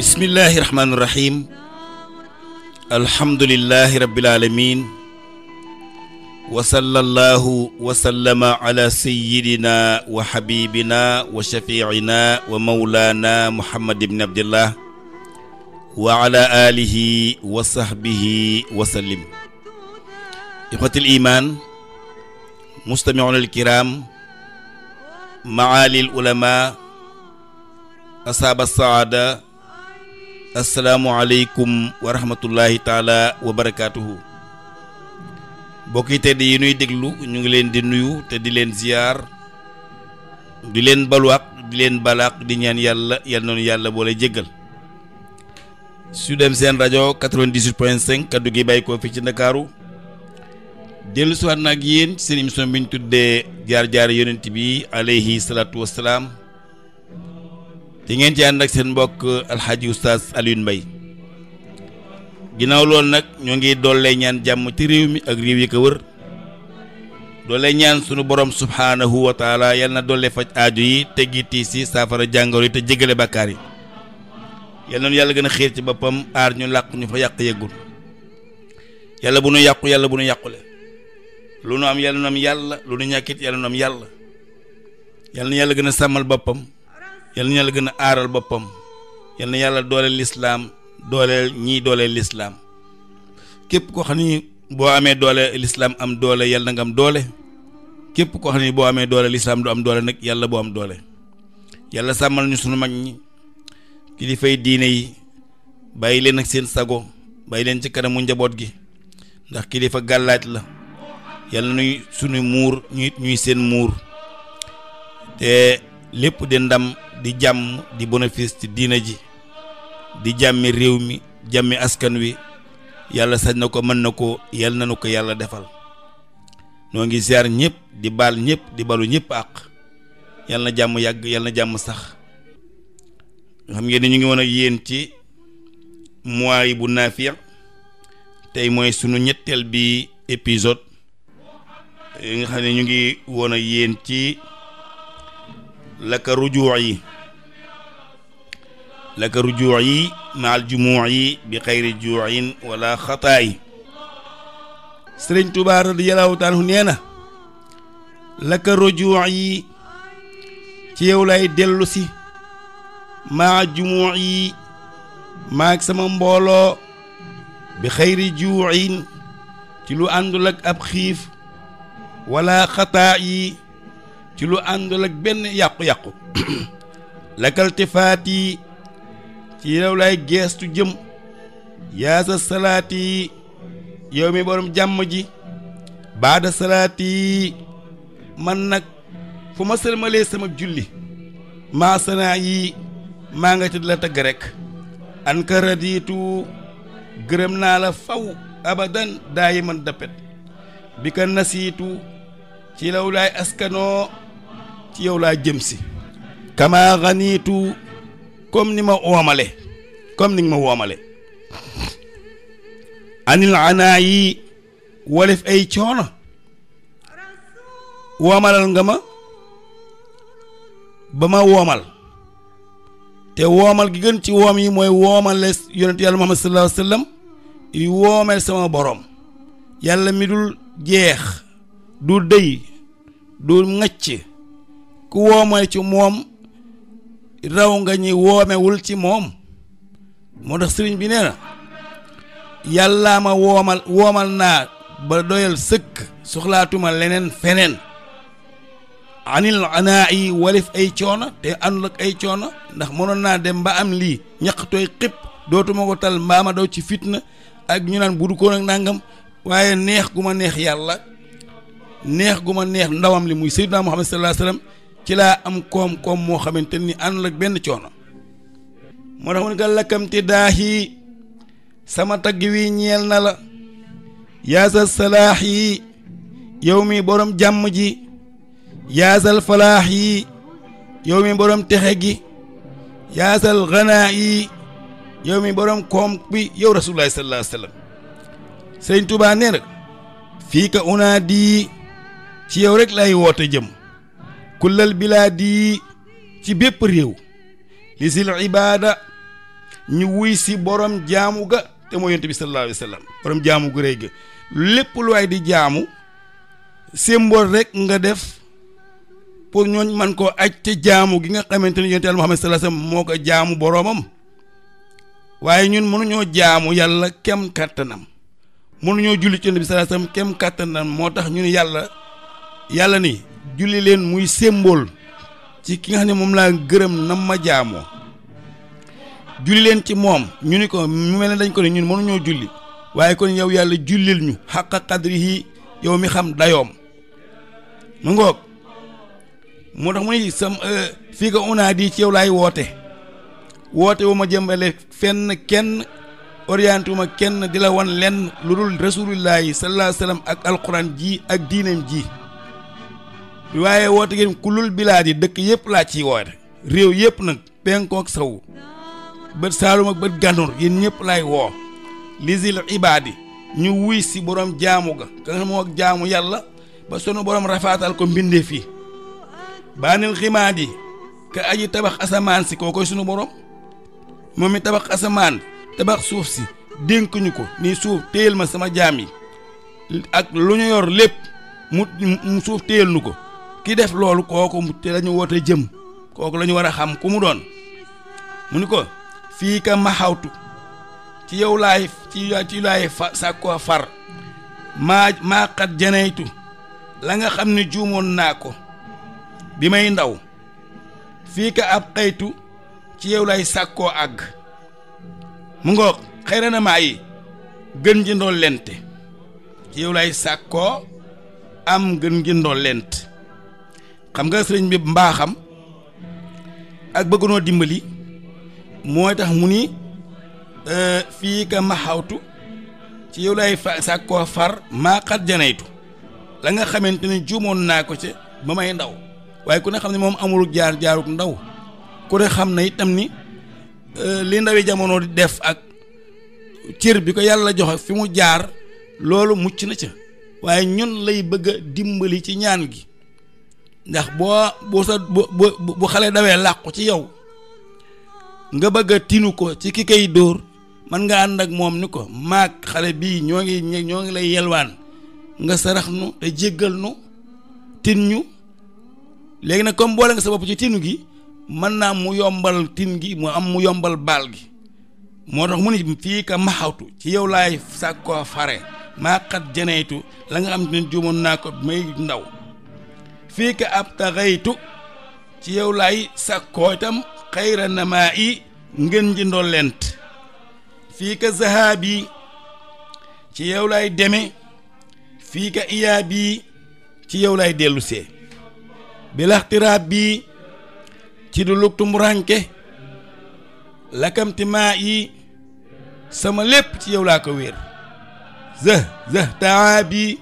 bismillahi rahmaani rahim alhamdulillahi rabbil aalamiin wa sallallahu wa sallama ala sayyidina wa habibina wa shafiicina wa mawlaana muhammad ibn abdillah wa ala alihi wa sahbihi wa sallim ixwatil imaan mustamicuuna alkiraam macaali alulamaa asaaba saada asalaamualeykum wa rahmatullahi taala wa barakaatuhu mbokk yi tedd yi nuy déglu ñu ngi leen di nuyu te di leen ziyaar di leen baluwaaq di leen balaaq di ñaan yàlla yal noonu yàlla boole jéggal Sud FM seen rajo 98.5 kaddu gi bàyyi ko fii ci Ndakaaru dellu si waat nag yéen seen émission bi ñu tuddee jaar-jaar yonent bi aleyhi salaatu wassalaam di ngeen ci ànd ak seen mbokk alxaaji oustaz Alioune mbay ginnaaw lool nag ñoo ngi doole ñaan jàmm ci réew mi ak réew yi ko wër doole ñaan sunu boroom subhaanahu wa taala yal na doole faj aaju yi teggi tiis saafara jàngoro yi te jégale bàkkaar yi yal nañu yàlla gën a xiir ci boppam aar ñu làq ñu fa yàq yeggul yàlla bu nu yàqu yàlla bu nu yàqule lu nu am yàlla nu am yàlla lu nu ñàkkit yàlla nu am yàlla yal yàlla gën a sàmmal boppam yal na yàlla gën a aaral boppam yal na yàlla doole lislaam dooleel ñiy dooleel lislaam képp koo xam boo amee doole lislaam am doole yàlla na nga am doole képp koo xam ni boo amee doole lislaam du am doole nag yàlla boo am doole yàlla sàmmal ñu sunu mag ñi kilifay diine yi bàyyi leen ak seen sago bàyyi leen ci kanamu njaboot gi ndax kilifa gàllaaj la yàlla nuy sunu muur ñuy ñuy seen muur te lépp de ndam di jàmm di bénéfice ci diina ji di jàmmi réew mi jàmmi askan wi yàlla sañ na ko mën na ko yal nanu ko yàlla defal noo ngi ziar ñëpp di baal ñëpp di balu ñëpp àq yàlla jàmm yàgg yàlla jàmm sax xam ngeen ni ñu ngi woon ak yéen ci mois bu naafiya tey mooy sunu ñetteel bi épisode nga xam ne ñu ngi woon ak yéen ci laka rujuuci laka rujuuci maa aljumuuci bi xayri juucin wala xataayi sëriñ Tuubaa radiyallaahu taala nee na laka rujuuci ci yow lay dellu si maa jumuuci maag sama mbooloo bi xayri juucin ci lu àndul ak ab xiif wala xataa ci lu àndul ak benn yàqu-yàqu lakaltifaat yi ci yow laay geestu jëm yaa salaati salaat yow mi borom jàmm ji baada salaati man nag fu ma sëlmalee sama julli maa maa nga tëdd la tagg rek radiitu gërëm naa la faw abadan daayi man dappet bi nasiitu ci law laay askanoo yow laa jëm si kama comme ni ma woomale comme ni ma woomale anil anaa yi walif ay coono woomalal nga ma ba ma woomal te woomal gi gën ci woom yi mooy woomale yonent yàlla Muhammad sallallahu alayhi woomeel sama boroom yàlla mi dul jeex du dëy du ŋacc ku woomee ci moom raw nga ñi woomewul ci moom moo tax sëriñ bi nee na yàllaa ma woomal woomal naa ba doyal sëkk soxlaatuma leneen feneen anil anaa ay walif ay coono te àndul ak ay coono ndax mënoon naa dem ba am lii ñaq tooy xëpp dootuma ko tal mbaama daw ci fitna ak ñu naan budu koon ak nangam waaye neex gu ma neex yàlla neex gu ma neex ndawam li muy sayyidina Muhammad sallallahu alayhi wasallam ci laa am koom-koom moo xamante ni àndul ak benn coono moo tax mu ne ko lakkamti daahi sama tagg wi ñeel na la yaasal salaax yi yow mi borom jàmm ji yaasal falaax yi yow mi borom texe gi yaasal xanaa yi yow borom koom bi yow rasulullahi sallallahu alayhi wa sallam sëriñ Tuubaa nee fii ka unaadi ci yow rek lay woote jëm bilaa di ci bépp réew li sil ibaada ñu wuy si boroom jaamu ga te moo yonent bi sallallahu alayhi jaamu gu rëy ga lépp lu waay di jaamu symbole rek nga def pour ñooñ man koo aj te jaamu gi nga xamante ne yonent yàlla Muhammad sallallahu alayhi wa moo ko jaamu boroomam waaye ñun mënuñoo jaamu yàlla kem kàttanam mënuñoo julli ci yonent bi sallallahu kem kàttanam moo tax ñu ñun yàlla yàlla nii julli leen muy symbole ci ki nga xam ne moom laa gërëm nam ma jaamoo julli leen ci moom ñu ni ko mu mel ne dañ ko ne ñun mënuñoo julli waaye kon yow yàlla julli ñu xàq qadrihi yow mi xam dayoom mu ngoog moo tax mu ne sam euh, fii ko unaa di ci yow laay woote woote wu ma jëmbale fenn kenn orienté wu kenn di la wan lenn lu dul rasulillahi sallallahu alayhi ak alxuraan ji ak diinam ji waaye woote ngeen kulul bilaad yi dëkk yëpp laa ci woote réew yëpp nag penkook ak sawu bët saalum bët gànnoor yéen ñëpp laay woo lisil ibaadi ñu wuy si boroom jaamu ga ka ak jaamu yàlla ba sunu borom rafaatal ko mbindee fii baanil ximaad yi ka aji tabax asamaan si koo koy sunu borom moom mi tabax asamaan tabax suuf si dénkuñu ko ni suuf téyel ma sama jaam yi ak luñu yor lépp mu suuf téyel nu ko kii def loolu kooku te la ñu woote jëm kooku la war a xam ku mu doon mu ni ko fii ka maxawtu ci yow laay ci far maa maa xat janaytu la nga xam ne juumoon naa ko bi may ndaw fii ka ab xaytu ci yow laay sàkkoo àgg mu ngoo xëyra na maa yi gën jëndoo lente ci yow laay sàkkoo am gën ji lent xam nga sëriñ bi mbaaxam ak bëggunoo dimbali mooy tax mu ni euh, fii ka xawtu ci yow lay fa sa koo far maa janaytu la nga xamante ne juumoon naa ko ci ba may ndaw waaye ku ne xam ne moom amul jaar jaaruk ndaw ku ne xam na itam ni euh, li ndawi jamono di def ak cër bi ko yàlla joxe fi mu jaar loolu mucc na ca waaye ñun lay bëgg dimbali ci ñaan gi ndax boo bu sa bu bu xale dawee làqu ci yow nga bëgg a tinu ko ci ki kay dóor mën nga ànd ak moom ni ko maag xale bii ñoo ngi ñoo ngi lay yelwaan nga sarax nu te jéggal nu tin ñu léegi nag comme boole nga sa bopp ci tinu gi mën naa mu yombal tin gi mu am mu yombal baal gi moo tax mu ni fii ka maxawtu ci yow laay sàkkoo fare maa xat janeytu la nga xam ne juumoon naa ko may ndaw fii ka ab taxaytu ci yow laay sakkoo itam xayra namaa i ngën ji ndollent fii ka zahaab yi ci yow laay deme fii ka iyaab yi ci yow laay dellu see bilaxtiraab bii ci du lugtu muranke lakamti maa yi sama lépp ci yow laa ko wéer zëh zëh taa bii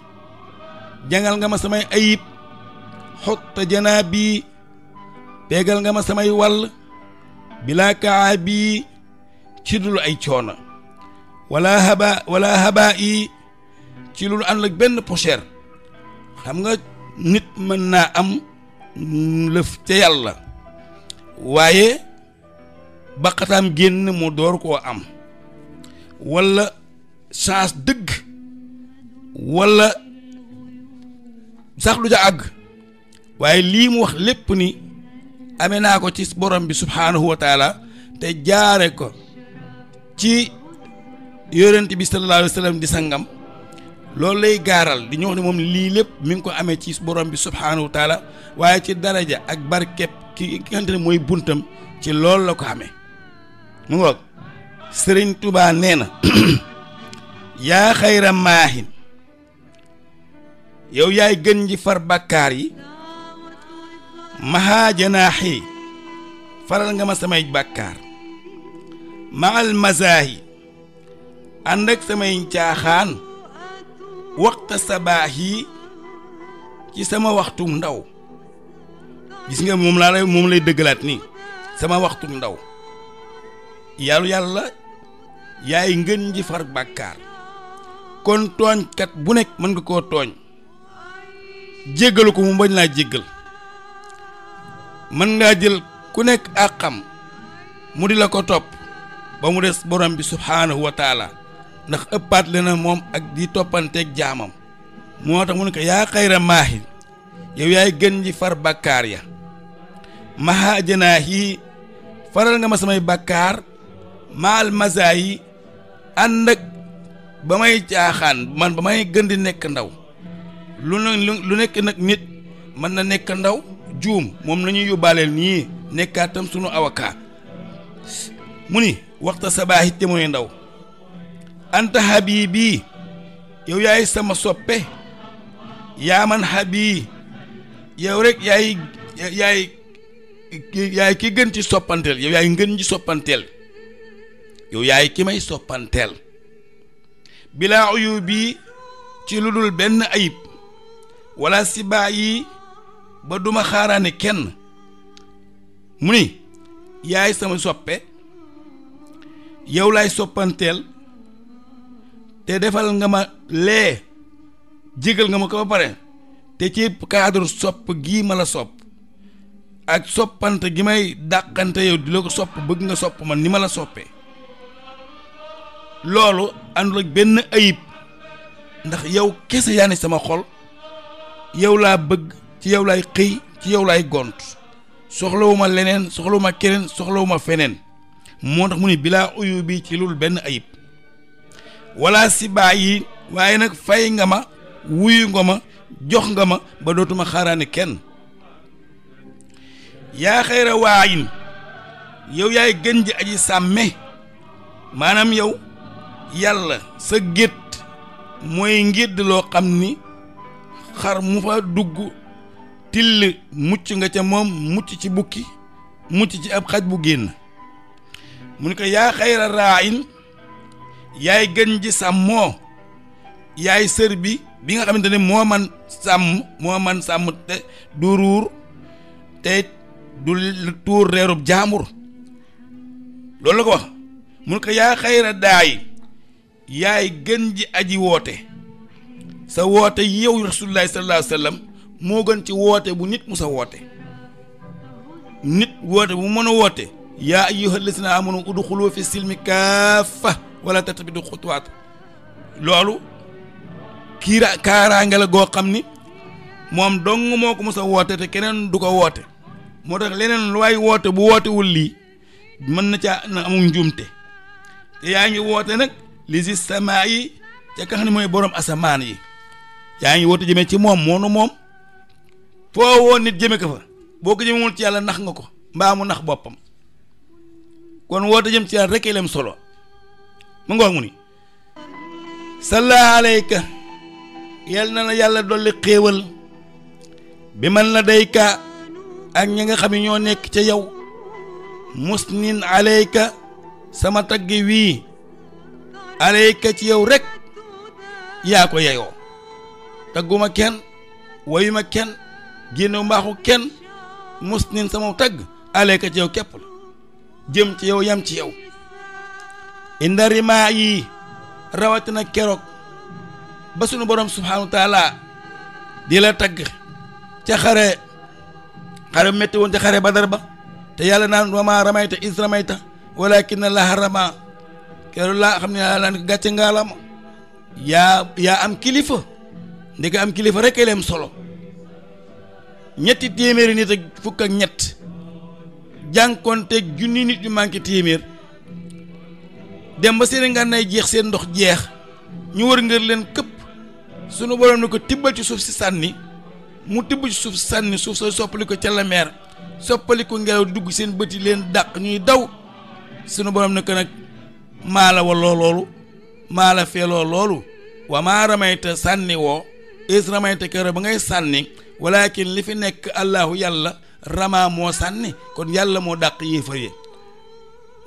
jangal nga ma samay ayib xotta janaa bii tegal nga ma samay wàll bilaa kaa bii ci dul ay coono wala haba wala haba yi ci lul ànd ak benn pochère xam nga nit mën naa am lëf ca yàlla waaye baqataam génn mu door koo am wala chance dëgg wala saxlu ca àgg waaye lii mu wax lépp ni ame naa ko ci borom bi subhaanahu wa taala te jaare ko ci yonent bi sallallahu alayhi wa di sangam loolu lay gaaral di ñu wax ne moom lii lépp mi ngi ko amee ci borom bi subhaanahu wa waaye ci daraja ak barkeb ki nga xamante mooy buntam ci loolu la ko ame mu ngoog sëriñ tubaa nee na yaa xayra maahin yow yaay gën ji far bàkkaar yi maha janaaxi faral nga ma samay bàkkaar maal mazaahi ànd ak samay jaaxaan waxta sabaax yi ci sama waxtum ndaw gis nga moom laa lay moom lay dëggalaat nii sama waxtum ndaw yàllu yàlla yaay ngën ji far bàkkaar kon tooñkat bu nekk mën nga koo tooñ jéggalu ko mu bañ laa jéggal mën ngaa jël ku nekk àqam mu di la ko topp ba mu des borom bi subhaanahu wa taala ndax ëppaat le na moom ak di toppanteeg jaamam moo tax mu ne ko yaa xayra maahi yow yaay gën ji far bàkkaar ya maha yi faral nga ma samay bàkkaar ma masaa yi ànd ak ba may jaaxaan man ba may gën di nekk ndaw lu lu nekk nag nit mën na nekk ndaw juum moom la ñuy yóbbaaleel nii nekkaatam sunu avocat mu ni waxta sabaa baax it ndaw anta habibi yow yaay sama soppe yaa man habi yow rek yaay yaay ki gën ci soppanteel yow yaay ngën ci soppanteel yow yaay ki may soppanteel bilaa uyu ci lu dul benn ayib wala sibaa yi ba duma xaaraane kenn mu ni yaay sama soppe yow laay soppanteel te defal nga ma lee jégal nga ma ko ba pare te ci cadre sopp gi ma la sopp ak soppante gi may dàqante yow di la ko sopp bëgg nga sopp man ni ma la soppe loolu àndul ak benn ayib ndax yow kese yaa ne sama xol yow laa bëgg ci yow lay xëy ci yow lay gont soxlawuma leneen soxlawuma keneen soxlawuma feneen moo tax mu ni bilaa uyu bi ci lul benn ayib walla si yi waaye nag fay nga ma wuyu nga ma jox nga ma ba dootuma xaaraani kenn yaa xayra waayin yow yaay gën ji aji sàmme maanaam yow yàlla sa gétt mooy ngédd loo xam ni xar mu fa dugg till mucc nga ca moom mucc ci bukki mucc ci ab xaj bu génn mu ni ko yaa xayra raayin yaay gën ji sàmmoo yaay sër bi bi nga xamante ne moo man sàmm moo man sàmm te du ruur te du tuur reerub jaamur loolu la ko wax mu ni ko yaa xayra daay yaay gën ji aji woote sa woote yow rasulullahi sallallahu alayhi moo gën ci woote bu nit musa woote nit woote bu mën a woote yaa ayyuhal lazina amanu udxulu fi silmi kaafa wala tattabidu xutuwaat loolu kiira kaaraange goo xam ni moom dong moo ko musa woote te keneen du ko woote moo tax leneen lu waay woote bu wootewul lii mën na caa na amul njuumte te yaa ngi woote nag li si samaa yi ca ka xam mooy boroom asamaan yi yaa ngi woote jëmee ci moom moonu moom foo woon nit jëme ko fa boo ko jëmewul ci yàlla nax nga ko mbaa mu nax boppam kon woote jëm ci yàlla rek lem solo mu nga wax ni salla alayka yal na la yàlla dolli xéewal bi man la dayka ak ñi nga xam ne ñoo nekk ca yow musnin alayka sama tagg wii alayka ci yow rek yaa ko yeyoo tagguma kenn wayuma kenn génnew mbaaxu kenn mus nin sama tagg aleeka ci yow képp la jëm ci yow yam ci yow inda rimaa yi rawatina keroog ba sunu borom subhaanahu wa di la tagg ca xare xare bu metti woon ca xare badar ba te yàlla naan wama ramayta is ramayta walakin allaha rama keroog laa xam ne yàlla naan ko gàcce ngaalama yaa yaa am kilifa ndeke am kilifa rek lem solo ñetti téeméeri nit ak fukk ak ñett jànkonteeg junni nit ñu manqué téeméer dem ba seen ngànnaay jeex seen ndox jeex ñu wër ngër leen këpp sunu borom ni ko tibbal ci suuf si sànni mu tibb ci suuf si sànni suuf soo soppali ko ca la meer soppali ko ngelaw dugg seen bët yi leen dàq ñuy daw sunu borom ne ko nag maa la walloo loolu maa la feeloo loolu wa maa ramayta sànni woo is ramayta kër ba ngay sànni walakin li fi nekk allahu yàlla rama moo sànni kon yàlla moo dàq yéefar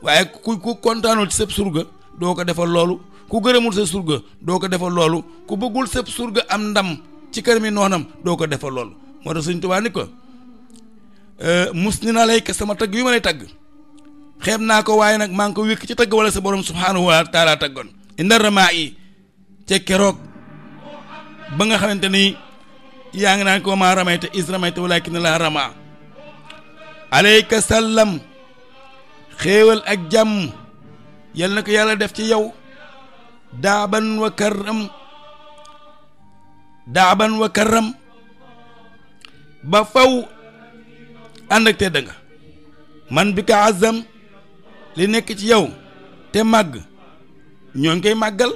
waaye ku ku kontaanul ci sëb surga doo ko defal loolu ku gërëmul sa surga doo ko defal loolu ku bëggul sëb surga am ndam ci kër mi noonam doo ko defa loolu moo tax Sëñ Tuubaa ni ko mus ni naa lay ka sama tagg yu ma lay tagg xeeb naa ko waaye nag maa ngi ko wékk ci tagg wala sa borom subhaanahu wa taala taggoon indar ramaa yi ca keroog ba nga xamante ni yaa ngi naa ko maa ramayta is ramayta walakin laa rama aleyka sallam xéewal ak jàmm yal na ko yàlla def ci yow daaban wa karram daaban ba faw ànd ak tedd nga man bi ka azam li nekk ci yow te màgg ñoo ngi koy màggal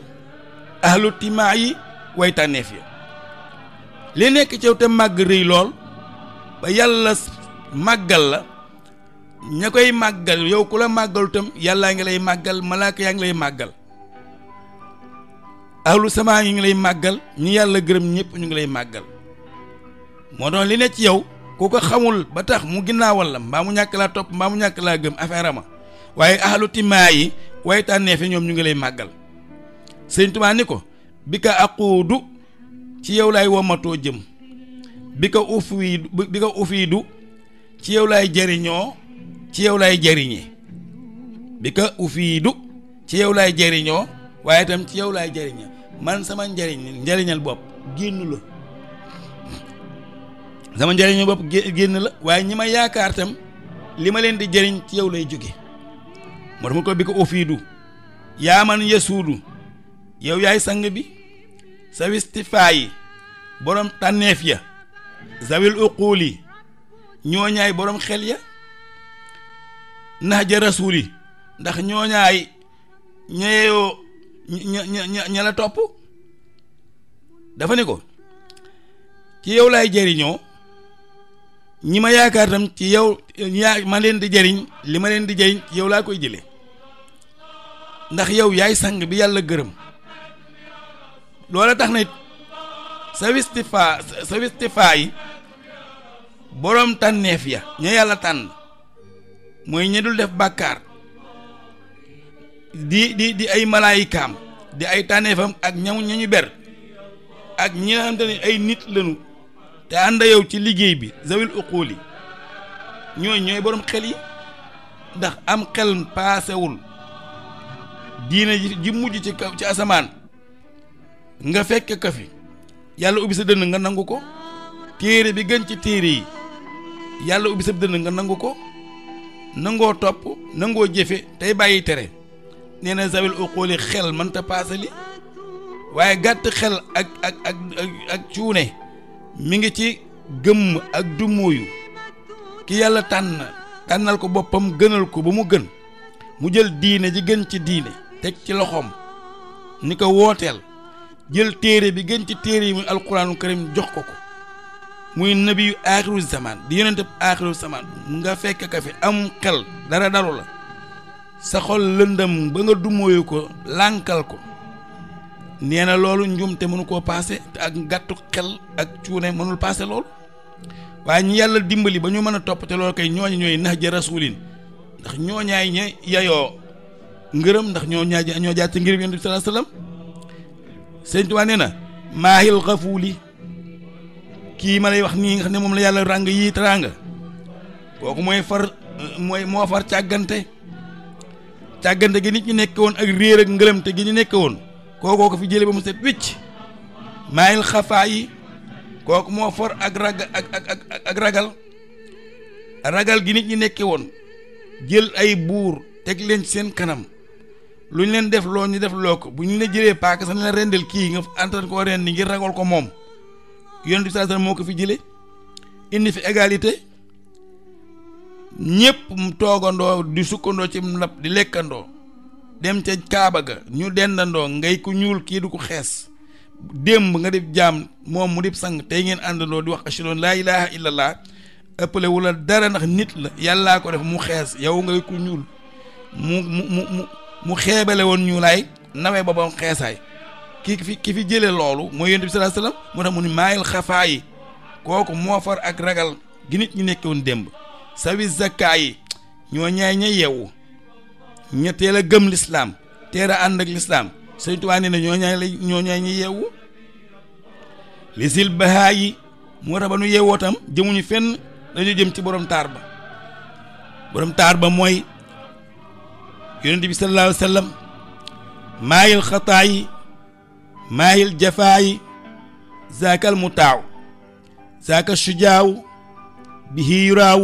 ahlu timaa yi way tànneef ya li nekk ci yow te màgg rëy lool ba yàlla màggal la ña koy màggal yow ku la màggalu tam yàllaa ngi lay màggal malaaka yaa ngi lay màggal ahlu samaa ngi lay màggal ñi yàlla gërëm ñëpp ñu ngi lay màggal moo doon li nekk ci yow ku ko xamul ba tax mu ginnaawal la mbaa mu ñàkk laa topp mbaa mu ñàkk laa gëm affaire ama waaye ahlu timaa yi waaye tànneefe ñoom ñu ngi lay màggal sëñ Tuubaa ni ko bi ka aquudu ci yow laay womatoo jëm bi ko uf ko uf du ci yow laay jariñoo ci yow laay jariñe bi ko uf yi ci yow laay jariñoo waaye itam ci yow laay jariñe man sama njariñ njariñal bopp génn la sama njariñal bopp la waaye ñi ma yaakaar itam li ma leen di jariñ ci yow lay jóge moo tax ko bi ko uf du yaa man yesuudu yow yaay sang bi sawistifaa yi boroom tànneef ya zawil uquul yi ñooñaay boroom xel ya nax ja rasuul ndax ñooñaay ñeyoo ña ña la topp dafa ne ko ci yow laay jëriñoo ñi ma yaakaar ci yow yaa ma leen di jëriñ li ma leen di jëriñ ci yow laa koy jëlee ndax yow yaay sang bi yàlla gërëm loole tax na it sa yi boroom tànneef ya ña yàlla tànn mooy ñi dul def bàkkaar di di di ay malaayikaam di ay tànneefam ak ñamu ña ñu ber ak ñi nga xamante ay nit lañu te ànd yow ci liggéey bi zawil uquul yi ñooy ñooy boroom xel yi ndax am xel paasewul diine ji mujj ci asamaan nga fekk ko yàlla ubbi sa dënn nga nangu ko téere bi gën ci téere yi yàlla ubbi sa dënn nga nangu ko nangoo topp nangoo jëfe tey bàyyi tere nee na zawil uquli xel mënta paase waaye gàtt xel ak ak ak cuune mu ngi ci gëmm ak dummóoyu ki yàlla tànn tànnal ko boppam gënal ko ba mu gën mu jël diine ji gën ci diine teg ci loxoom ni ko wooteel jël téere bi gën ci téere yi muy alquraanu karim jox ko ko muy nabiyu aaxiru zaman di yonente aaxiru zaman mu nga fekk ka fi am xel dara daru la sa xol lëndëm ba nga dumóoyu ko lànkal ko nee na loolu njuum te mënu koo paase te ak gàttu xel ak cuune mënul paase loolu waaye ñu yàlla dimbali ba ñu mën a topp te loolu kay ñooñu ñooy nax ja rasulin ndax ñoo ñaay ña yayoo ngërëm ndax ñoo ñaay ñoo jaar ci ngir bi yonent bi sallallahu sëñ Tuubaa nee na maahil xafuuli kii ma lay wax nii nga xam ne moom la yàlla ràng yii teraanga kooku mooy far mooy moo far càggante càggante gi nit ñi nekk woon ak réer ak ngëlëmte gi ñu nekke woon kookoo ko fi jële ba mu set wicc maahil xafaa yi kooku moo far ak rag ak ak ak ragal ragal gi nit ñi nekke woon jël ay buur teg leen ci seen kanam lu ñu leen def loo ñu def loo ko bu ñu la jëlee paaka sax ne la rendel kii nga antan koo rendi ngir ragal ko moom yonent bi sallallahu alayhi wasallam moo ko fi jëlee indi fi égalité ñëpp mu toogandoo di sukkandoo ci ndab di lekkandoo dem ca kaaba ga ñu dendandoo ngay ku ñuul kii du ko xees démb nga def jaam moom mu def sang tey ngeen àndandoo di wax ashhadu an laa ilaaha illallah ëppale wala dara ndax nit la yàllaa ko def mu xees yow ngay ku ñuul mu mu mu. mu xeebale woon ñuulaay nawee ba ba xeesaay ki fi ki fi jëlee loolu mooy yonent bi sallallahu alayhi wasallam moo tax mu ni maayil xafaa yi kooku moo far ak ragal gi nit ñi woon démb sawi zakkaa yi ñoo ñaay ña yeewu ña teel a gëm lislaam teel a ànd ak lislaam Sëriñ Tuubaa ñoo ñaay ña yeewu li sil bahaa yi moo tax ba nu yeewoo tam jëmuñu fenn dañu jëm ci borom taar ba borom taar ba mooy yonent bi sallallahu alayhi wa sallam maayil xataa maayil jafaa zaakal mu taaw zaaka sujaaw bi hiiraaw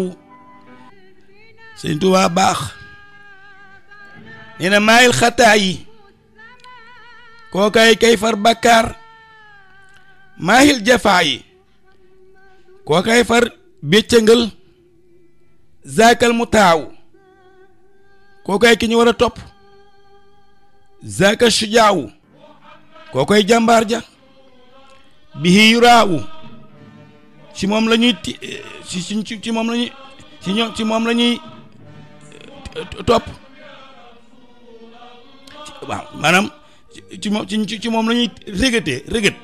sëñ Tuubaa baax nee na maayil xataa yi kookay kay far bakkaar maahil jafaa yi kookay far béccëngal zaakal mu taaw kookoy ki ñu war a topp zaka shujaawu kookoy jàmbaar ja bihi yuraawu ci moom la ñuy ti ci moom la ci ñoom ci moom la eh, topp waaw maanaam ci moom ci ci moom la ñuy rëgëtee rëgët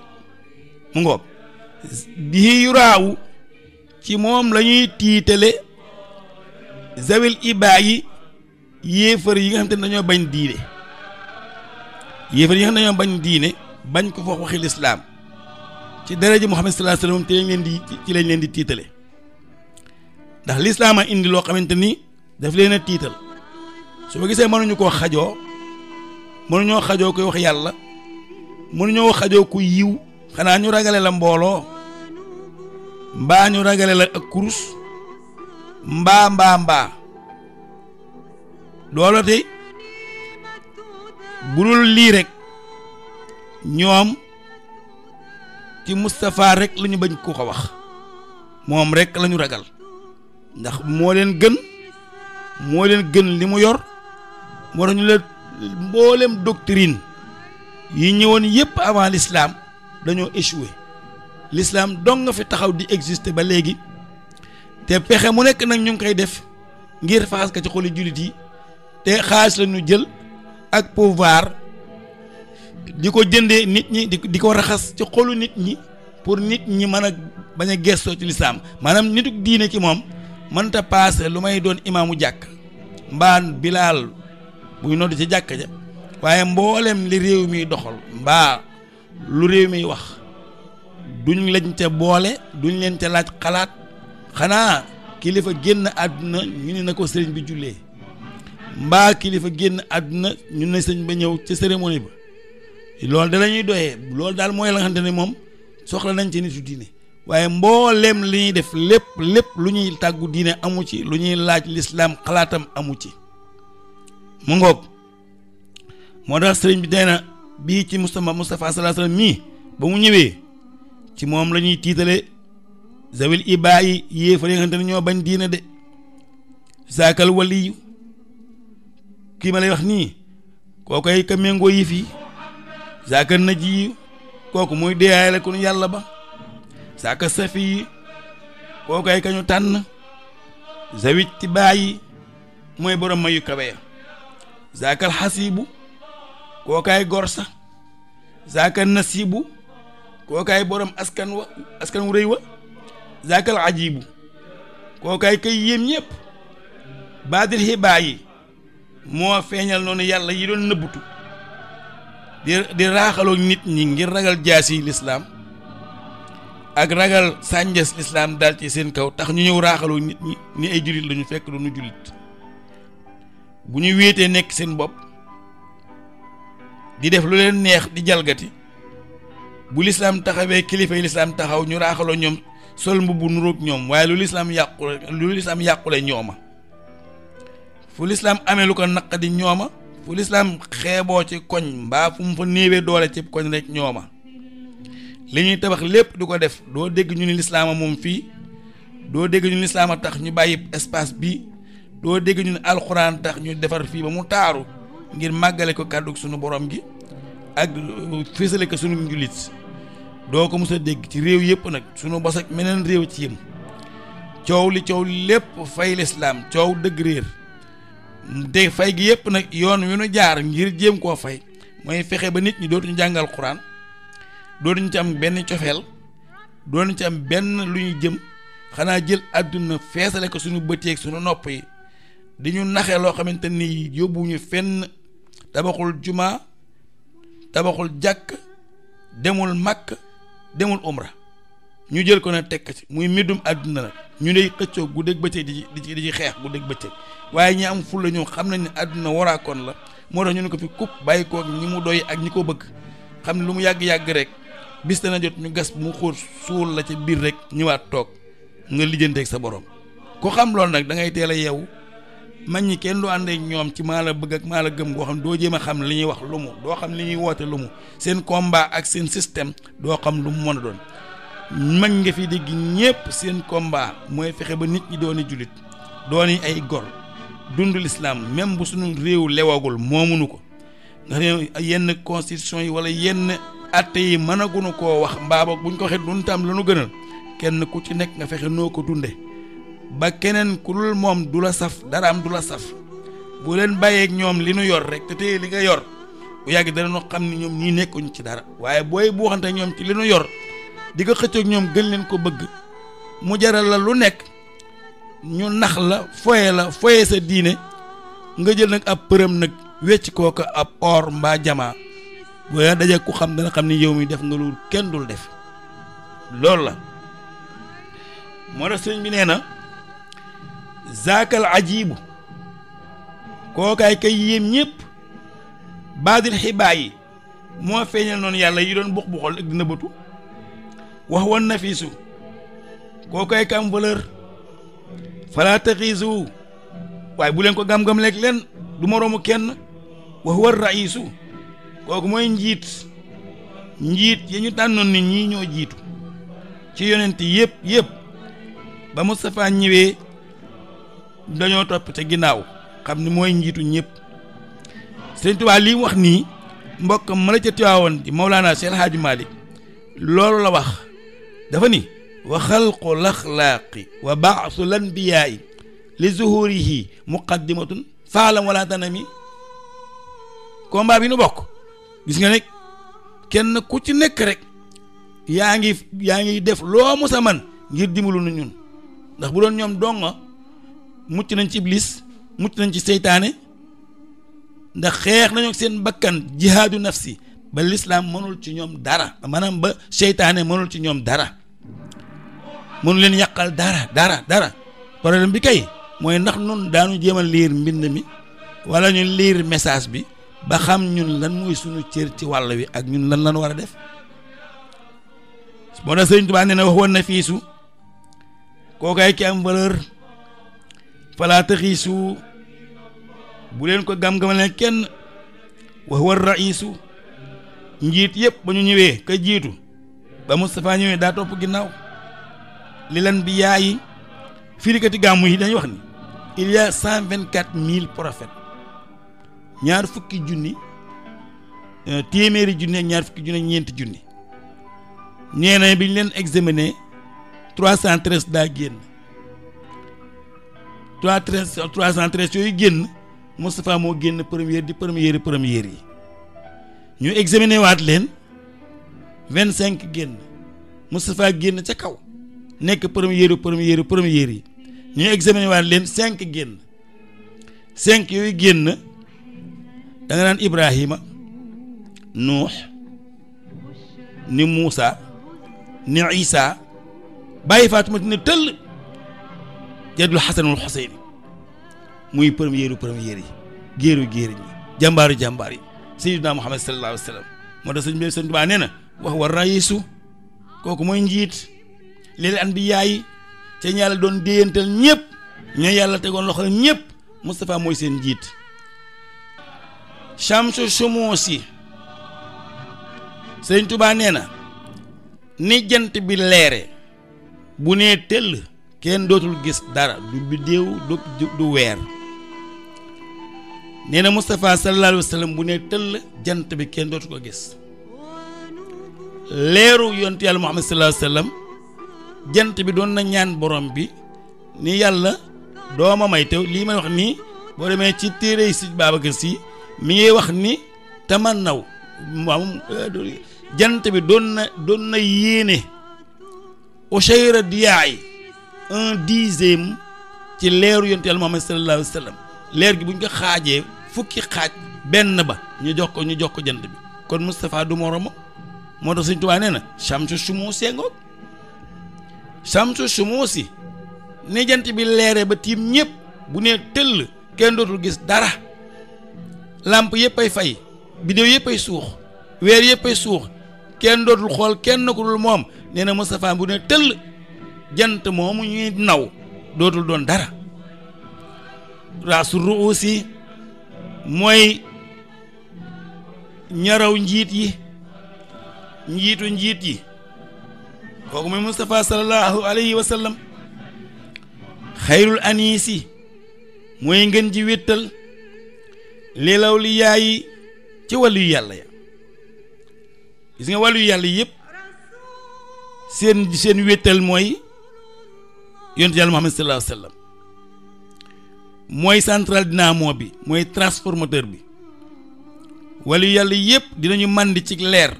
mu ngoog bihi ci moom la ñuy tiitale zawil ibaa yi yéefar yi nga xam te ne dañoo bañ diine yéefar yi bañ diine bañ ko foofu waxi lislaam ci daraja Muhammad sallallahu alayhi wasallam te lañ di ci lañ leen di tiitale ndax lislaam indi loo xamante ni daf leen a tiital su ma gisee mënuñu koo xajoo mënuñoo xajoo koy wax yàlla mënuñoo xajoo ku yiw xanaa ñu ragale la mbooloo mbaa ñu ragale la ak kurus mbaa mbaa mbaa loola tey bu dul lii rek ñoom ci Moustapha rek lañu bañ ku ko wax moom rek lañu ragal ndax moo leen gën moo leen gën li mu yor moo tax ñu la mboolem yi ñëwoon yépp avant l'islam dañoo échoué l'islam dong nga fi taxaw di exister ba léegi te pexe mu nekk nag ñu ngi koy def ngir faas ci xoli jullit yi te xaalis la jël ak pouvoir di ko jëndee nit ñi di di ko raxas ci xolu nit ñi pour nit ñi mën a bañ a gestoo ci lislaam maanaam nituk diine ci moom mënta paase lu may doon imaamu jàkk mbaan bilaal buy nodd ci jàkk ja waaye mboolem li réew mi doxal mbaa lu réew mi wax duñ lañ te boole duñ leen te laaj xalaat xanaa kilifa génn àdduna ñu ne na ko sëriñ bi jullee mbaa kilifa génn àdduna ñu ne sëñ ba ñëw ci cérémonie ba loolu ñuy doyee loolu daal mooy la nga ne moom soxla nañ ci nitu diine waaye mbooleem li ñuy def lépp lépp lu ñuy tàggu diine amu ci lu ñuy laaj lislaam xalaatam amu ci mu ngoog moo tax sëriñ bi nee bii ci Moustapha Moustapha mii ba mu ñëwee ci moom la ñuy tiitale zawil ibaa yi yéefar yi nga xamante ñoo bañ diine de saakal waliyu kii ma lay wax nii kooku ay ka méngoo yëf yi saaka na ji kooku moy deyaay la nu yàlla ba saaka safi yi ka ñu tànn zawit ti bàyyi mooy borom mayu kawe ya saakal xasiibu kookaay gorsa saakal nasiibu kookaay borom askan wa askan wu rëy wa saakal ajiibu kookaay kay yéem ñëpp baadil xibaa yi moo feeñal noonu yàlla yi doon nëbbutu di di raaxaloo nit ñi ngir ragal jaasi lislaam ak ragal sànjas lislaam daal ci seen kaw tax ñu ñëw raaxaloo nit ñi ni ay jullit lañu fekk doonu jullit bu ñu wéetee nekk seen bopp di def lu leen neex di jalgati bu lislaam taxawee kilifa yi lislaam taxaw ñu raaxaloo ñoom sol mbubb nuroog ñoom waaye lu lislaam yàqule lu lislaam yàqule ñooma fu lislaam amee lu ko naqadi ñooma fu lislaam xeeboo ci koñ mbaa fu mu fa néewee doole ci koñ rek ñooma li ñuy tabax lépp du ko def doo dégg ñu ni lislaama moom fii doo dégg ñu ni lislaama tax ñu bàyyi espace bi doo dégg ñu ni alxuraan tax ñu defar fii ba mu taaru ngir màggale ko kàddu suñu borom gi ak fésale ko suñu njulit doo ko mos dégg ci réew yëpp nag suñu bos ak meneen réew ci yëm coow li coow lépp fay lislaam coow dëgg réer te fay gi yëpp nag yoon wi nu jaar ngir jéem koo fay mooy fexe ba nit ñi dootuñu jàngal xuraan dootuñu ci am benn cofeel dootuñu ci am benn lu ñu jëm xanaa jël àdduna feesale ko suñu bët yeeg suñu nopp yi di ñu naxee loo xamante ni yóbbuwuñu fenn tabaxul jumaa tabaxul jàkk demul màkk demul umra ñu jël ko na tekk ci muy middum àdduna nag ñu dey xëccoo gu guddeeg bëccëg di ci di ci xeex guddeeg bëccëg waaye ñi am fulla ñoom xam nañ ne àdduna waraakoon la moo tax ñu ne ko fi kupp bàyyi ko ñi mu doy ak ñi ko bëgg xam ne lu mu yàgg-yàgg rek bis na jot ñu gas mu xóot suul la ci biir rek ñëwaat toog nga lijjanteeg sa borom ku xam loolu nag da ngay teel a yeewu mag ñi kenn du ànd ak ñoom ci maa la bëgg ak maa la gëm goo xam ne doo jéem a xam li ñuy wax lu mu doo xam li ñuy woote lu mu seen combat ak seen système doo xam lu mu mën a doon mag nga fi dégg ñépp seen combat mooy fexe ba nit ñi dooni jullit dooni ay gor dund lislaam même bu suñu réew lewagul moomunu ko nga xam yenn constitution yi wala yenn atte yi mënagunu ko wax mbaaba buñ ko waxee duntam la nu gënal kenn ku ci nekk nga fexe noo ko dunde ba keneen ku dul moom du la saf dara am du la saf bu leen bàyyeeg ñoom li nu yor rek te téye li nga yor bu yàgg dana no xam ni ñoom ñii nekkuñu ci dara waaye booy buuxante ñoom ci li yor di nga xëccoog ñoom gën leen ko bëgg mu jaral la lu nekk ñu nax la foye la foye sa diine nga jël nag ab përëm nag wecc kooka ab or mbaa jamaa booy daje ku xam dana xam ni yow mi def nga lu kenn dul def loolu la moo tax bi nee na zaakal ajibu kookaay kay yéem ñëpp baadil xibaa yi moo feeñal noon yàlla yi doon bux buxol ak dina bëtu wax wan nafiisu kooku ay kam valeur falaa taxiisu waaye bu leen ko gam-gam leeg leen du moroomu kenn wax war raisu kooku mooy njiit njiit yi ñu tànnoon nit ñi ñoo jiitu ci yonent yépp yëpp ba Moustapha ñëwee dañoo topp ca ginnaaw xam ni mooy njiitu ñépp Sëriñ Tuubaa li wax nii mbokk ma la ca Tiwaawoon di Mawlaana Seex Haaji Maalik loolu la wax dafa ni wa xalqu laxlaaqi wa baasu lanbiyaai li zuhurihi muqaddimatun faalam wala tanami combat bi nu bokk gis nga nekk kenn ku ci nekk rek yaa ngi yaa ngi def loo mu sa man ngir dimbalu na ñun ndax bu doon ñoom donga mucc nañ ci iblis mucc nañ ci seytaane ndax xeex nañu ak seen bakkan jihaadu nafsi ba lislaam mënul ci ñoom dara maanaam ba seytaane mënul ci ñoom dara mënu leen yàqal dara dara dara problème bi kay mooy ndax nun daanu jéem a liir mbind mi wala ñu liir message bi ba xam ñun lan muy suñu cër ci wàll wi ak ñun lan lan war a def moo tax Sëriñ Tuubaa nee na waxoon na fii su kookaay ki am valeur falaa bu leen ko gam-gamal kenn wax war raisu njiit yëpp ba ñu ñëwee ka jiitu ba Moustapha ñëwee daa topp ginnaaw li lan bi yaayi firikati gàmmu yi dañuy wax ni il y cent vingt quatre mille prophètes ñaar fukki junni euh, téeméeri junni ak ñaar fukki junni ñeenti junni nee na bi ñu leen examiné trois cent treize daa génn trois treize trois cent treize yooyu génn Moustapha moo génn première di première première yi ñu examiné waat leen vingt cinq génn Moustapha génn ca kaw nekk première yu première yu première yi ñu examiné waat leen cinq génn cinq yooyu génn da nga naan Ibrahima Nuux ni Muusa ni Isa bàyyi Faatuma ne tëll jadul Xasanul Xuseyni muy première yu première yi géeru géer ñi jàmbaaru jàmbaar yi sayyidina Muhammad sallallahu alayhi wa sallam moo tax sëñ bi sëñ Tuubaa nee na wax wa rayisu kooku mooy njiit lil anbiyaa yi ca ñu yàlla doon déyantal ñëpp ñoo yàlla tegoon loxo ñëpp Moustapha mooy seen njiit Shamsu si sëñ Tuubaa nee na ni jant bi leere bu nee tëll kenn dootul gis dara du biddéew du du weer nee na Moustapha sallallahu alayhi bu ne tëll jant bi kenn dootu ko gis leeru yontu yàlla Muhammad sallallahu alayhi jant bi doon na ñaan borom bi ni yàlla dooma may tew lii may wax nii boo demee ci téere si gis si mi ngi wax ni tamannaw moom jant bi doon na doon na yéene ushayra diyaay un dixième ci leeru yontu yàlla Muhammad sallallahu alayhi leer gi buñ ko xaajee fukki xaaj benn ba ñu jox ko ñu jox ko jant bi kon mustafaa du moromam moo tax Sëñ Tuubaa nee na Shamsu Shumuusi ngoog Shamsu Shumuusi ni jant bi leere ba tiim ñëpp bu nee tëll kenn dootul gis dara làmp yëpp ay fay bidéew yëpp ay suux weer yépp ay suux kenn dootul xool kenn ku dul moom nee na Moustapha bu ne tëll jant moomu ñuy naw dootul doon dara mooy ñaraw njiit yi njiitu njiit yi kooku mooy Moustapha sallallahu alayhi wa sallam xayrul anisi mooy ngeen ji wéttal lilaw li yaayi ci wàllu yu yàlla ya gis nga wàllu yàlla yëpp seen seen wéttal mooy yontu yàlla Muhammad sallallahu alayhi wa sallam mooy central dynamo bi mooy transformateur bi wala yàlla yëpp dinañu màndi ci leer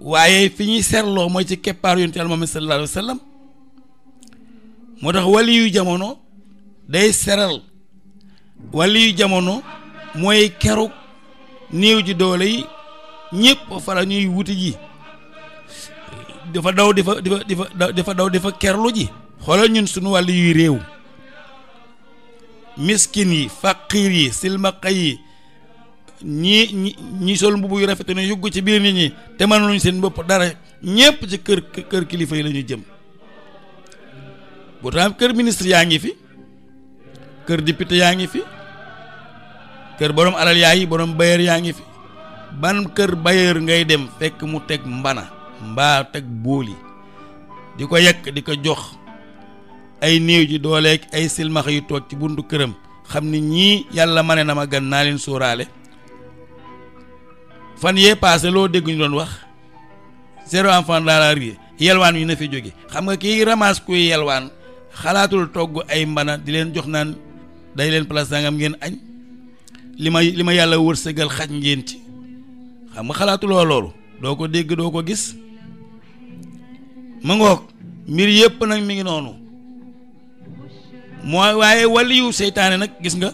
waaye fi ñuy seetloo mooy ci keppaaru yonent yàlla Muhammad sallallahu alayhi moo tax wali yu jamono day seral wali yu jamono mooy keru néew ji doole yi ñëpp fala ñuy wuti ji dafa daw di fa di daw di fa kerlu ji xoolal ñun sunu wàllu yuy réew miskin yi faqiir yi silmaka yi ñii ñi ñi sol mbubb yu rafet ne yugg ci biir nit ñi te mënaluñ seen bopp dara ñépp ci kër kër kilifa yi la jëm jëm pourtant kër ministre yaa ngi fi kër député yaa ngi fi kër borom alal yaa yi borom yaa ngi fi ban kër bailleur ngay dem fekk mu teg mbana mbaa teg bóoli di ko yekk di ko jox ay néew ji dooleeg ay silmaxa yu tooj ci buntu këram xam ni ñii yàlla ma ne na ma gan naa leen sóoraale fan yee paase loo dégg ñu doon wax zéro enfant dans la rue yelwaan yu na fi jóge xam nga kii ramasse kuy yelwaan xalaatul togg ay mbana di leen jox naan day leen place am ngeen añ li ma li ma yàlla wërsëgal xaj ngeen ci xam nga xalaatuloo loolu doo ko dégg doo ko gis ma ngoog mbir yëpp nag mi ngi noonu mooy waaye waliyu seytaane nag gis nga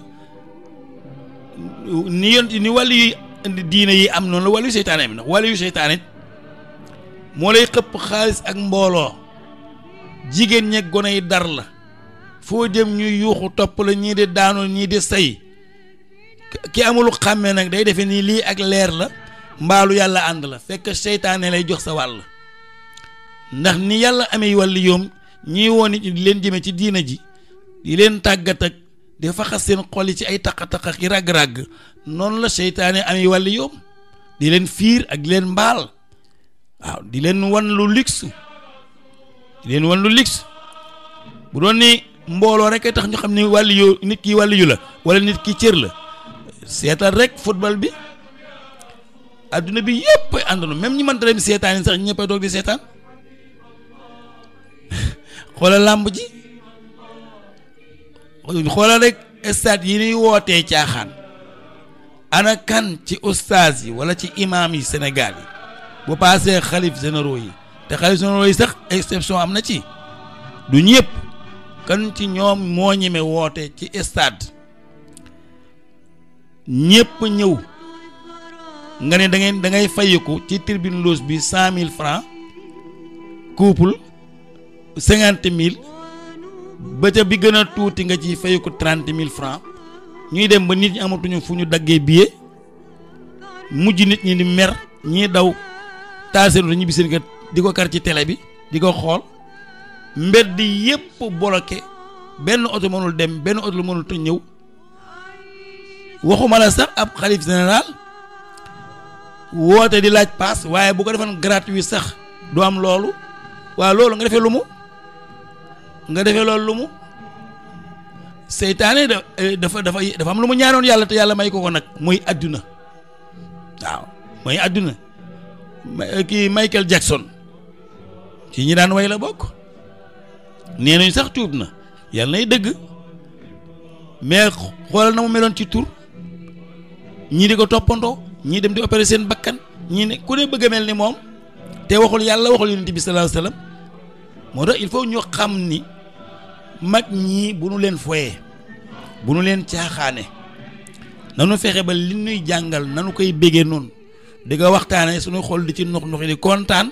ni yont ni waliyu diine yi am noonu la waliyu bi ndax waliyu seytaane it moo lay xëpp xaalis ak mbooloo jigéen ñeg gone yi dar la foo jëm ñuy yuuxu topp la ñii di daanu ñii di say ki amulu xàmmee nag day defee nii lii ak leer la mbaalu yàlla ànd la fekk seytaane lay jox sa wàll ndax ni yàlla amee wàlli yoom ñii woon leen jëme ci diina ji di leen tàggat ak di faxas seen xol yi ci ay taq-taq ak ràgg-ràgg noonu la seytaane amee wàllu yoom di leen fiir ak di leen mbaal waaw di leen wan lu luxe di leen wan lu luxe bu doon ni mbooloo rek tax ñu xam ni wàllu yu nit ki wàllu yu la wala nit ki cër la seetal rek football bi adduna bi yëpp ay àndandoo même ñi mënta dem seetaan yi sax ñëpp a doog di seetaan xoolal làmb ji. xoolal rek stade yi ñuy wootee caaxaan ana kan ci ustaas yi wala ci imaam yi Sénégal yi bu paasee xalif généraux yi te xalif généraux yi sax exception am na ci du ñëpp kan ci ñoom moo ñeme woote ci stade ñëpp ñëw nga ne da ngeen da ngay fayeku ci tribune louge bi cent mille francs couple cinquante mille ba ca bi gën a tuuti nga ci fay ko trente mille francs ñuy dem ba nit ñi amatuñu fu ñu daggee billet mujj nit ñi di mer ñi daw taal seen dañu bis seen kër di ko kar ci tele bi di ko xool mbedd yépp bloqué benn oto mënul dem benn oto mënul te ñëw waxuma la sax ab xalif général woote di laaj paas waaye bu ko defoon gratuit sax du am loolu waaw loolu nga defee lu mu nga defee loolu lu mu seytaane da eh, dafa dafa dafa am lu mu ñaanoon yàlla te yàlla may ko ko nag muy àdduna waaw mooy àdduna eh, kii Michael Jackson ci ñi daan way la bokk nee nañ sax tuub na yàlla nay dëgg mais xoolal na mu meloon ci tur ñii di ko toppandoo ñii dem di opérer seen bakkan ñii ne ku ne bëgg a mel ni moom te waxul yàlla waxul yonent bi sallallahu alayhi wasallam moo tax il faut ñu xam ni mag ñii bu nu leen foyee bu nu leen caaxaane nanu fexe ba li nuy jàngal nanu koy béggee noonu di nga waxtaane suñu xol di ci nux nuxi di kontaan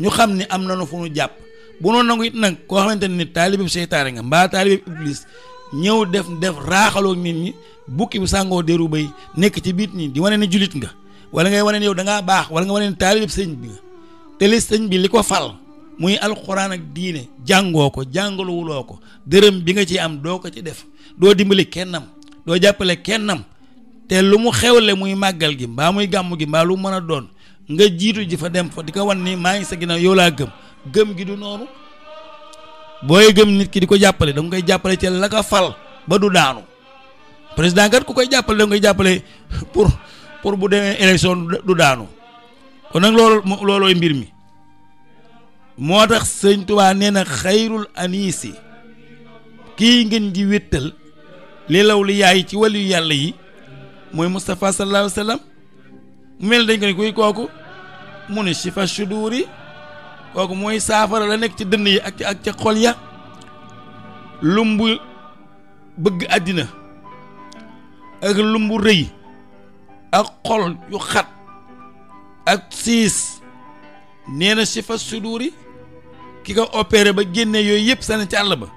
ñu xam ne am nanu fu nu jàpp bu noonu nangu it nag koo xamante ne taalibeeb seytaane nga mbaa taalibeeb iblis ñëw def def raaxaloo nit ñi bukki bu sàngoo déru bay nekk ci biit ñi di wane ne julit nga wala ngay wane ne da ngaa baax wala nga wane ne taalibeeb sëñ bi nga te li sëñ bi li ko fal muy alxuraan ak diine jàngoo ko jàngaluwuloo ko dërëm bi nga ci am doo ko ci def doo dimbali kennam doo jàppale kennam te lu mu xewle muy màggal gi mbaa muy gàmm gi mbaa lu mën a doon nga jiitu ji fa dem fa di ko wan ni maa ngi sa ginnaaw yow laa gëm gëm gi du noonu booy gëm nit ki di ko jàppale da nga koy jàppale ci la ko fal ba du daanu président kat ku koy jàppale da koy jàppale pour pour bu demee élection du daanu kon nag loolu loolooy mbir mi. moo tax sëñ tubaa nee na xayrul aniisi kii ngeen ji wéttal li law li yaay ci wàllu yàlla yi mooy Moustapha sallallahu alayhi wa sallam mel dañ ko ne kuy kooku mu ne shifa shuduuri kooku mooy saafara la nekk ci dënn yi ak ak ca xol ya lumb bëgg àddina ak lumb rëy ak xol yu xat ak siis nee na shifa shuduuri ki ko opeere ba génne yooyu yëpp sànni ci àll ba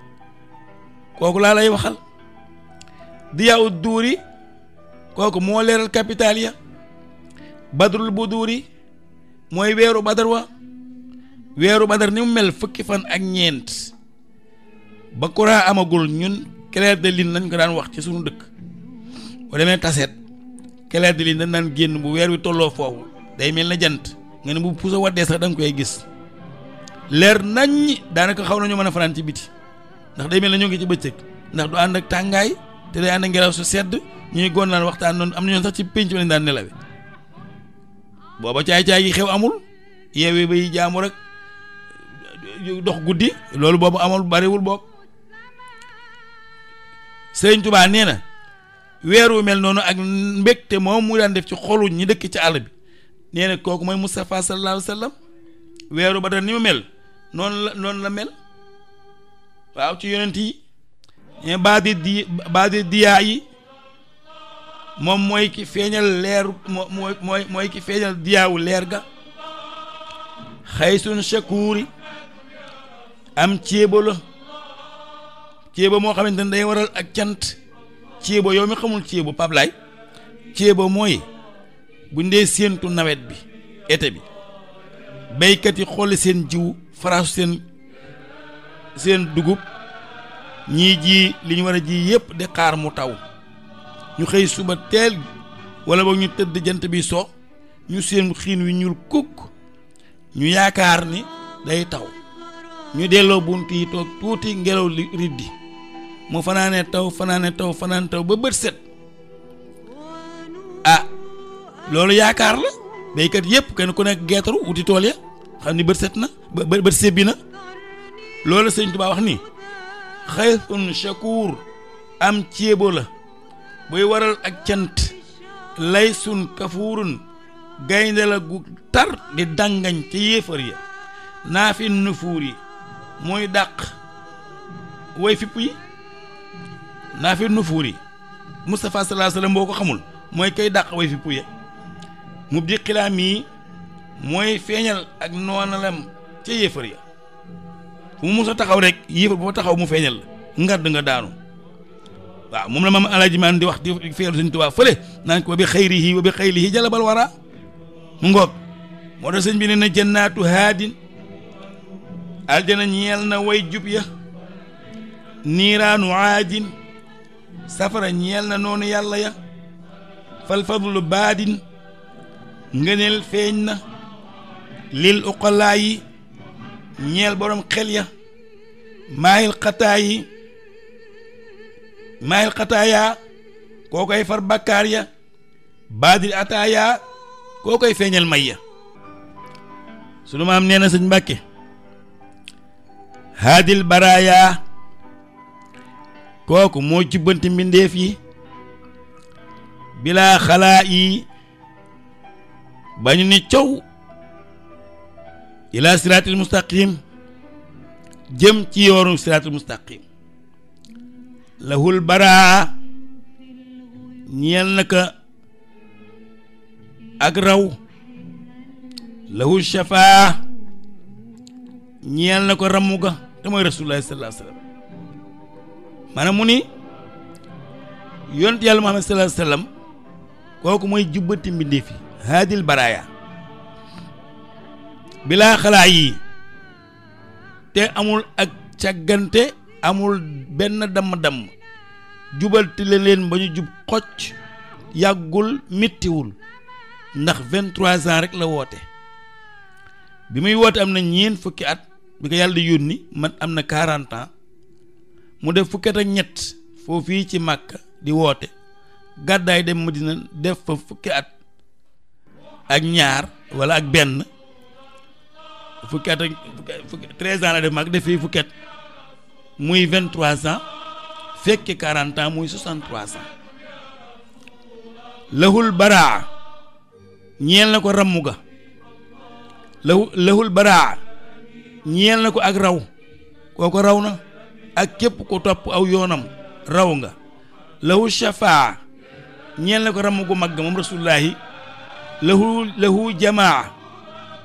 kooku laa lay waxal diyaawu duuri kooku moo leeral capital ya badrul bu duuri mooy weeru badar wa weeru badar ni mu mel fukki fan ak ñeent ba courant amagul ñun clair de lune lañ ko daan wax ci sunu dëkk boo demee taseet clair de lune dañ daan génn bu weer wi tolloo foofu day mel na jant nga ne bu puso waddee sax danga koy gis leer naññ daanaka xaw nañu mën a fanaan ci biti ndax day mel ne ñoo ngi ci bëccëg ndax du ànd ak tàngaay te day ànd ngelaw su sedd ñuy goon naan waxtaan noonu am na ñoon sax ci pénc lañ daan nelawe booba caay-caay yi xew amul yeewe bay jaamu rek dox guddi loolu boobu amul bariwul boobu sëriñ Tubaa nee na weer wu mel noonu ak mbégte moom mu daan def ci xolu ñi dëkk ci àll bi nee na kooku mooy Moustapha sallallahu alayhi weeru ba dara ni mu mel noonu la noonu la mel waaw ci yonent yi mais baadi di baadi diyaa yi moom mooy ki feeñal leeru moo mooy mooy ki feeñal diyaawu leer ga xaysun shakuuri am céeba la céeba moo xamante ne day waral ak cant céebo yow mi xamul céeba Pape céebo mooy bu ndee séentu nawet bi été bi béykat yi xoole seen jiw faraasu seen seen dugub ñii ji li ñu war a ji yëpp di xaar mu taw ñu xëy suba teel wala boog ñu tëdd jant bi so ñu seen xiin wi ñuul kukk ñu yaakaar ni day taw ñu delloo bunt yi toog tuuti ngelaw li riddi mu fanaane taw fanaane taw fanaane taw ba bët set ah loolu yaakaar la béykat yëpp kenn ku nekk geetaru wuti tool ya xam ni bët set na bë bët sebbi na loolu sëñ Tuubaa wax ni xaysun shakuur am ceebo la buy waral ak cant lay sun gaynde la gu tar di dàngañ ca yéefar ya naafin nufuur yi mooy dàq way fipp yi naafin nufuur yi Moustapha sallallahu alayhi wa ko xamul mooy kay dàq way fipp ya mu di xilaam yi mooy feeñal ak noonalam ca yéefar ya fu mu musa taxaw rek yéefar boo taxaw mu feeñal la ngàdd nga daanu waaw moom a maam alaaji maan di wax di feelu sëñ fële naan ko wa bi xayrihi wa bi xaylihi jalabal wara mu ngoog moo tax sëñ bi ne na jannaatu haadin aljana ñeel na way jub ya niiraanu aadin safara ñeel na noonu yàlla ya fal fadlu baadin ngëneel feeñ na lil uqalaa yi ñeel boroom xel ya maayil xataa yi maayil xataayaa koo koy far bàkkaar ya baadir ataayaa koo koy feeñal may ya sunu maam nee na sëñ Mbàkke haadil baraayaa kooku moo jubbanti mbindeef yi bilaa xalaa yi ba ñu ni coow ila siraatil mustaqim jëm ci yoonu siraatil mustaqim lahul baraa ñeel naka ak raw lahu shafaa ñeel na ko ramu ga te mooy rasulullahi sallallahu alayhi wasallam maanaam mu ni yonent yàlla Muhammad sallallahu alayhi wasallam kooku mooy jubbati mbindeef yi haadil baraaya bilaa xalaa yi te amul ak càggante amul benn damm-damm jubaltile leen ba ñu jub xocc yàggul mittiwul ndax vingt-trois ans rek la woote bi muy woote am na ñeent fukki at bi ko yàlla di yónni man am na quarante mu def fukki at ak ñett foofii ci màkka di woote gàddaay dem Madina def fa fukki at ak ñaar wala ak benn fukki at ak fukki ans la def mag defii fukki muy vingt trois ans fekki quarante ans muy soixante trois ans lahul baraa ñeel na ko ramm ga lahu lahul baraa ñeel na ko ak raw kooko raw na ak képp ku topp aw yoonam raw nga lahu shafaa ñeel na ko ramm gu mag ga moom rasulullaahi lahu lahu jamaa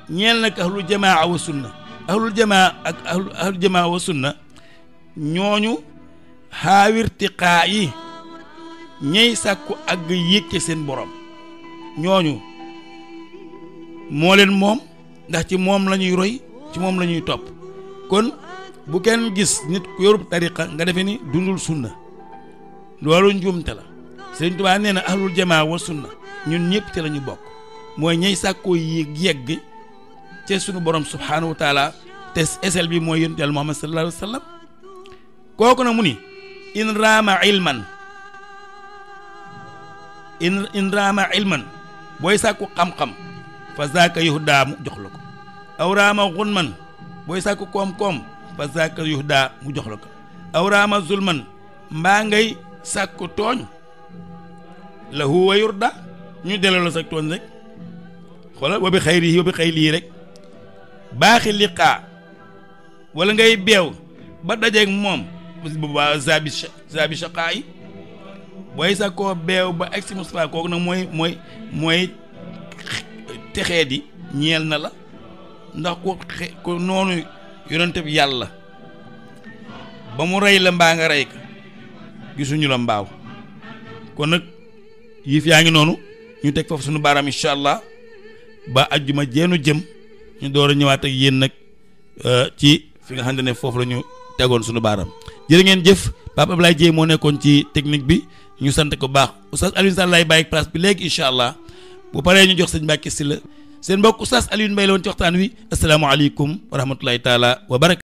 ñeel nag ahlul jamaa wa sunna ahlul jamaa ak ahlul jamaa wa sunna ñooñu xaawirtiqaa yi ñey sàkku ak yéeg ca seen borom ñooñu moo leen moom ndax ci moom lañuy roy ci moom la ñuy topp kon bu kenn gis nit ku yorub tariqa nga defe ni dundul sunna loolu njuumte la Sëriñ Tuubaa nee na ahlul jamaa wa sunna ñun ñëpp ci la bokk mooy ñey sàkkoo yéeg yegg ci sunu borom subhaanahu wa taala esel bi mooy yonent yàlla muhammad sallallahu kooku na mu ni in raama ilman in raama ilman booy sakku xam-xam fa zaaka yuhdaa mu jox la ko aw raama xunman booy sàkku koom-koom fa zaaka yuhdaa mu jox la ko aw raama zulman mbaa ngay sàkku tooñ lahu wa yurda ñu delloo la sa tooñ rek xoolal wa bi xayrihi wa bi rek baaxi liqaa walla ngay beew ba dajeeg moom bu baa zabi zabi shaqaa yi sa koo beew ba agsi Mustafa kooku nag mooy mooy mooy texee di ñeel na la ndax ku xe ku noonu yonente yàlla ba mu rey la mbaa nga rey gisuñu la mbaaw kon nag yëf yaa ngi noonu ñu teg foofu sunu baaraam incha allah ba ajjuma jeenu jëm ñu door a ñëwaat ak yéen nag euh, ci fi nga xam ne foofu la ñu tegoon suñu baaram jërë ngeen jëf Pape Ablaye Dieye moo nekkoon ci technique bi ñu sant ko baax oustaz Alioune Sall laay bàyyi place bi léegi incha allah bu paree ñu jox sëñ Mbacke Sylla seen mbokk oustaz Alioune Mbaye la woon ci waxtaan wi asalaamaaleykum wa rahmatulahi taala wa